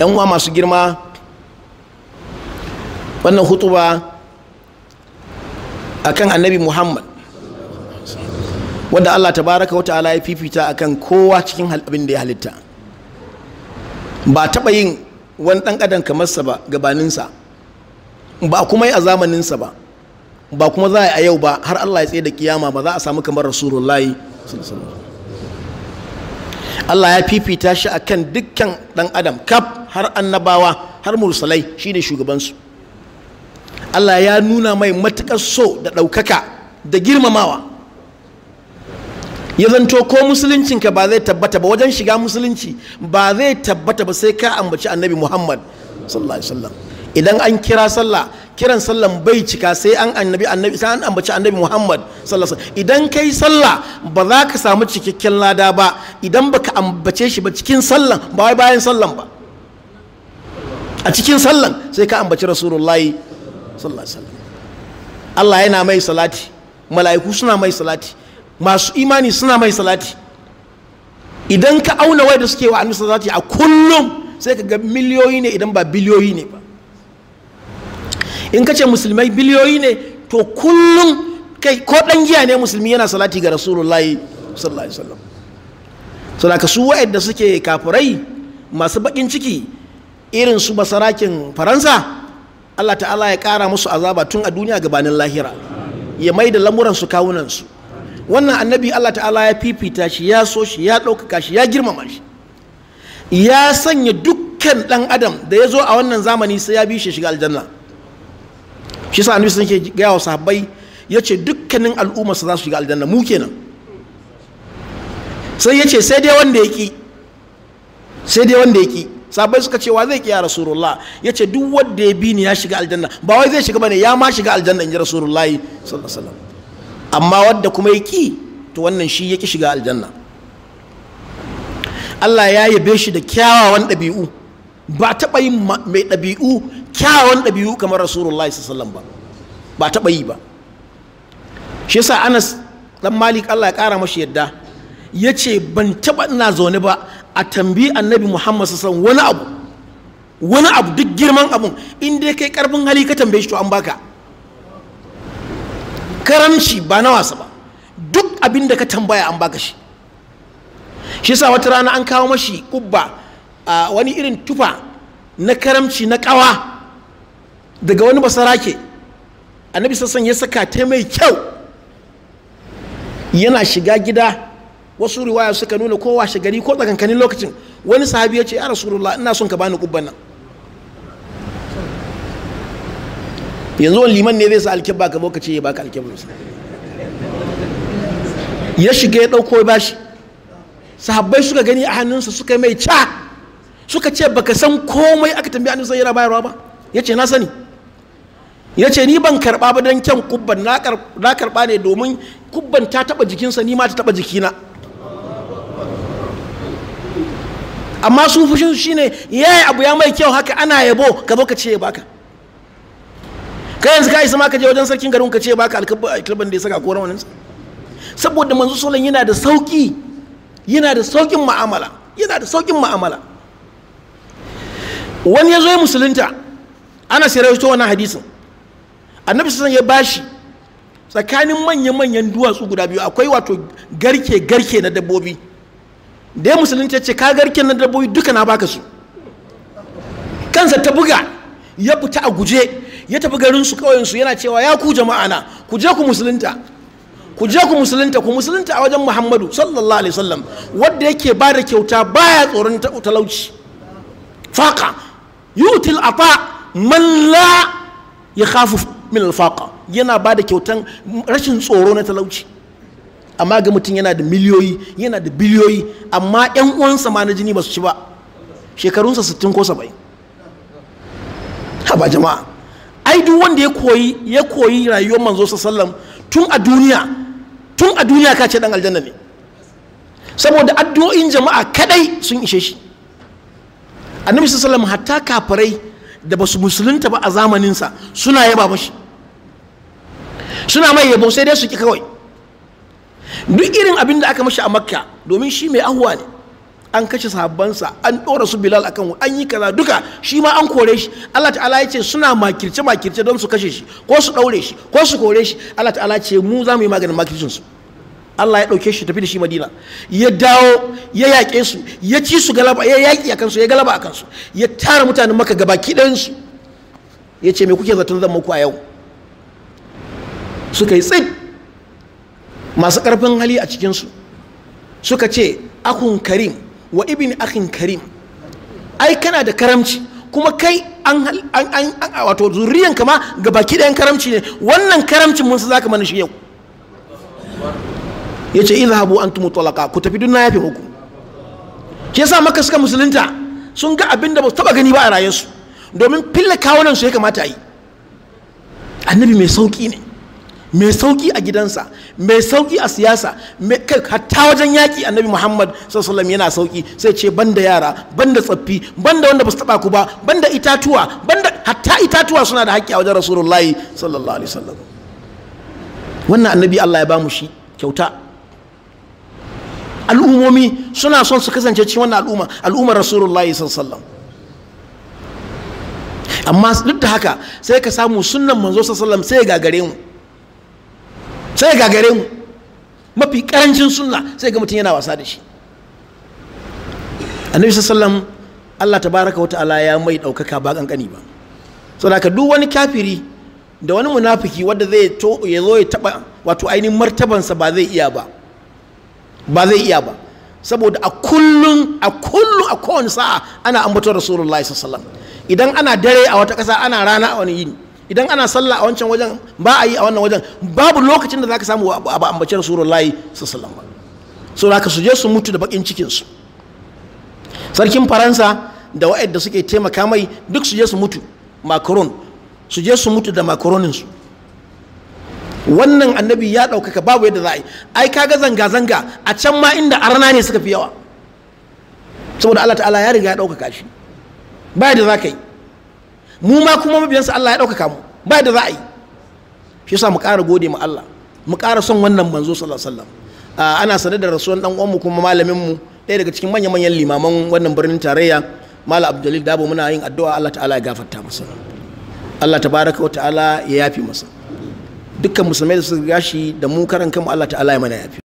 yan uwa masu girma wannan hutuba kan annabi muhammad wadda allah tabaraka wa ala ya fifita a kan kowa cikin abin da ya halitta ba taɓa yin wani ɗan adam kamarsa ba gabaninsa ba kuma yi a zamaninsa ba ba kuma za a yau ba har allah ya tsaye da kiyama ba za a samu kamar rasulullahi Allah ya fifita shi a kan dukkan ɗan adam kaf har annabawa har mursalai shine shugabansu Allah ya nuna mai matukar so da ɗaukaka da girmamawa ya zanto ko musuluncinka ba zai tabbata ba wajen shiga musulunci ba zai tabbata ba sai ka ambaci annabi muhammad sallallahu alaihi wasallam idan an kira sallah kiran sallan bai cika sai an annabi annabi sai an ambaci annabi Muhammad sallallahu alaihi wasallam idan kai sallah ba za ka samu cikakken lada ba idan baka ambace shi ba cikin sallan ba wai bayan sallan ba a cikin sallan sai ka ambaci rasulullahi sallallahu alaihi Allah yana mai salati mala'iku suna mai salati masu imani suna mai salati idan ka auna wai da suke wa annabi salati a kullum sai ka ga miliyoyi ne idan ba biliyoyi ne ba in ka ce musulmai biliyoyi ne to kullum kai ko dan giya ne musulmi yana salati ga rasulullahi sallallahu alaihi wasallam saboda su wa'anda suke kafurai masu bakin ciki irin su basarakin faransa allah ta'ala ya kara musu azaba tun a duniya gabanin lahira ya mai da lamuran lamuransu kawunansu wannan annabi allah ta'ala ya fifita shi ya so shi ya ɗaukaka shi ya girmama shi ya sanya dukkan ɗan adam da ya zo a wannan zamani sai ya bi shi shiga aljanna shi sa annabi sun ke gaya wa sahabbai ya ce dukkanin su za su shiga aljanna mu kenan sai ya ce sai dai wanda ya ki sai dai wanda ya ki sabai suka ce wa zai kiya rasulullah ya ce duk wanda ya bi ni ya shiga aljanna ba wai zai shiga bane ya ma shiga aljanna in ji rasulullahi sallallahu alaihi wasallam amma wanda kuma ya ki to wannan shi ya ki shiga aljanna Allah ya yabe shi da kyawawan ɗabi'u ba taɓa yin mai ɗabi'u kyawawan ɗabi'u kamar rasulullahi sallallahu alaihi wasallam ba ba taɓa yi ba shi yasa Anas dan Malik Allah ya ƙara mashi yadda yace ban taɓa ina zaune ba a tambi annabi muhammad sassan wani abu wani abu duk girman abu in dai kai karfin hali ka tambaye shi to an baka karamci ba na wasa ba duk abin da ka tambaya an baka shi shi sa wata rana an kawo mashi kubba a wani irin tufa na karamci na kawa daga wani basarake annabi sassan ya saka ta mai kyau yana shiga gida wasu riwaya suka nuna ko washe gari ko tsakankanin lokacin wani sahabi ya ce ya rasulullah ina son ka bani kubban nan yanzu wani liman ne zai sa alkibba ka ka ce ya baka alkibba ya shiga ya dauko ya bashi sahabbai suka gani a hannunsa suka mai ca suka ce baka san komai aka tambaya annabi yana bayarwa ba ya ce na sani ya ce ni ban karba ba don kyan kubban na karba ne domin kubban ta taba jikinsa ni ma ta taba jikina amma su fushin shine yayi abu ya mai kyau haka ana yabo ka zo ka ce baka kai yanzu ka isa ma ka je wajen sarkin garin ka ce baka alkalban da ya saka ko rawanin saboda manzo sallan yana da sauki yana da saukin mu'amala yana da saukin mu'amala wani ya zo musulunta ana sai ta wannan hadisin annabi sallan ya bashi tsakanin manya-manyan duwatsu guda biyu akwai wato garke-garke na dabbobi da ya musulunci ce ka garken na dabbobi duka na baka su kansa ta buga ya fita a guje ya tafi garin su kauyen su yana cewa ya ku jama'a na ku je ku musulunta ku je ku musulunta ku musulunta a wajen muhammadu sallallahu alaihi wasallam wanda yake ba da kyauta baya tsoron talauci faqa yutil ata man la ya khafu min alfaqa yana ba da kyautan rashin tsoro na talauci amma ga mutum yana da miliyoyi yana da biliyoyi amma yan uwansa ma na jini ba su ci ba shekarunsa sittin ko saba'in haba jama'a ai duk wanda ya koyi ya koyi rayuwar manzo sallam tun a duniya tun a duniya ka ce dan aljanna ne saboda addu'o'in jama'a kadai sun ishe shi annabi sallam hatta kafirai da basu musulunta ba a zamaninsa suna yaba mashi suna mai yabo sai dai su ki kawai duk irin abin da aka mashi a makka domin shi mai ahuwa ne an kashe sahabbansa an ɗora su bilal akan an yi kaza duka shi ma an kore shi Allah ta'ala ya ce suna makirce makirce don su kashe shi ko su ɗaure shi ko su kore shi Allah ta'ala ce mu za mu yi maganin makircin su Allah ya ɗauke shi tafi da shi Madina ya dawo ya yaƙe su ya ci su galaba ya yaƙi a kansu ya galaba a kansu ya tara mutanen maka gaba ɗayan su ya ce me kuke zaton zan muku a yau suka yi tsit masu ƙarfin hali a cikinsu suka ce akun karim wa Ibin akin karim ai kana da karamci kuma kai an an wato zuriyan kama ga baki ɗayan karamci ne wannan karamcin mun za ka mana shi yau ya ce izhabu an tumu talaka ku tafi duna na yafe muku ke sa maka suka musulunta sun ga abin da ba taba gani ba a rayuwarsu domin filla kawunan su ya kamata a yi annabi mai sauki ne mai sauki a gidansa mai sauki a siyasa hatta wajen yaƙi annabi muhammad sallallahu yana sauki sai ce banda yara banda tsaffi banda wanda ba su taba ku ba banda itatuwa banda hatta itatuwa suna da haƙƙi a wajen rasulullahi sallallahu alaihi wasallam wannan annabi allah ya ba mu shi kyauta al'ummomi suna son su kasance cikin wannan al'umma al'ummar rasulullahi sallallahu alaihi wasallam amma duk da haka sai ka samu sunnan manzo sallallahu alaihi wasallam sai ya gagare mu sai gagare mu mafi karancin sunna sai ga mutum yana wasa da shi annabi sallallahu Allah tabaraka ta'ala ya mai daukaka ba kankani ba saboda ka duk wani kafiri da wani munafiki wanda zai to ya zo ya taba wato ainihin martabansa ba zai iya ba ba zai iya ba saboda a kullun a kullun a kowane sa'a ana ambaton rasulullahi sallallahu alaihi wasallam idan ana dare a wata kasa ana rana a wani yini idan ana sallah a wancan wajen ba a yi a wannan wajen babu lokacin da za ka samu a ba ambaci layi su alaihi ba so su je su mutu da bakin cikinsu sarkin faransa da da suke taimaka mai duk su je su mutu makaron su su mutu da makaroninsu wannan annabi ya ɗaukaka babu yadda za a yi ai kaga zanga-zanga a can ma inda arna ne suka fi yawa saboda Allah ta'ala ya riga ya ɗaukaka shi ba yadda za ka yi mu ma kuma mabiyansa Allah ya ɗaukaka mu ba da ra'ayi shi yasa mu ƙara gode ma Allah mu ƙara son wannan manzo sallallahu alaihi wasallam ana sanar da rasuwan dan uwanmu kuma malamin mu ɗaya daga cikin manyan manyan limaman wannan birnin tarayya mala abdulil dabo muna yin addu'a Allah ta'ala ya gafarta masa Allah tabaraka wa ta'ala ya yafi masa dukkan musulmai da suka gashi da mu karan kanmu Allah ta'ala ya mana yafi